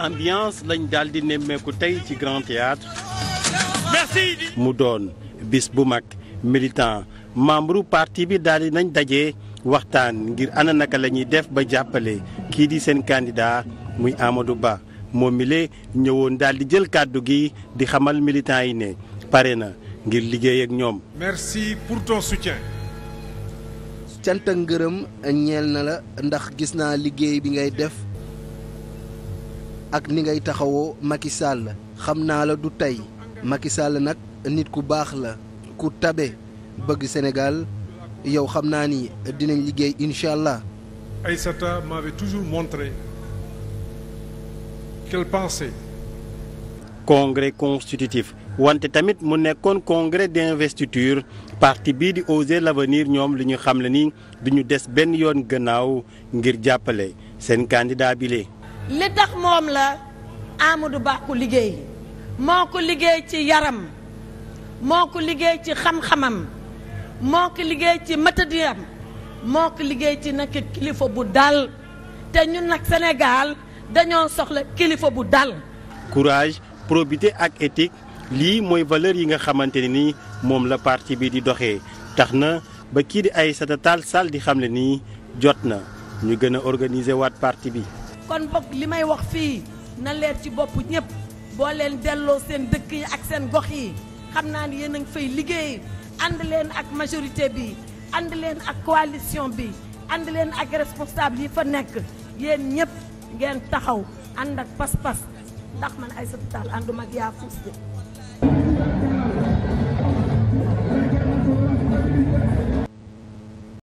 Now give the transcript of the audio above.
ambiance lañ daal di nemmeeku tey ci grand théâtre merci mu doon bis bu mag militant membre parti bi daal di nañ daje waxtaan ngir ana naka la ñuy def ba jàppale kii di seen candidat muy Amadou Ba moom mi le ñëwoon daal di jël kàddu gi di xamal militant yi ne pare na ngir liggéey ak ñoom. merci ak ni ngay taxawoo Macky Sall xam naa la du tey Macky Sall nag nit ku baax la ku tabe bëgg Sénégal yow xam naa ni dinañ liggéey incha allah. Aïssata m'avait toujours montré qu'elle pensait. congrès constitutif wante tamit mu nekkoon congrès d'investiture parti bii di Oser l'avenir ñoom li ñu xamle ni duñu des benn yoon gannaaw ngir jàppale seen candidat bi lee li tax moom la Amadou Ba ko liggéey moo ko liggéey ci yaram moo ko liggéey ci xam-xamam moo ko liggéey ci matadiyam moo ko liggéey ci nag kilifa bu dal te ñun nag senegaal dañoo soxla kilifa bu dal. courage probité ak éthique lii mooy valeur yi nga xamante ne ni moom la parti bi di doxee tax na ba kii di ay Tall Sall di xamle ni jot na ñu gën a organiser waat parti bi. kon bokk li may wax fii na leer ci bopp ñëpp boo leen delloo seen dëkk yi ak seen gox yi xam naa ni yéen a ngi fay liggéey ànd leen ak majorité bi ànd leen ak coalition bi ànd leen ak responsable yi fa nekk yéen ñëpp ngeen taxaw ànd ak pas-pas ndax man ay sëbitaal ànduma ak yaa fuus de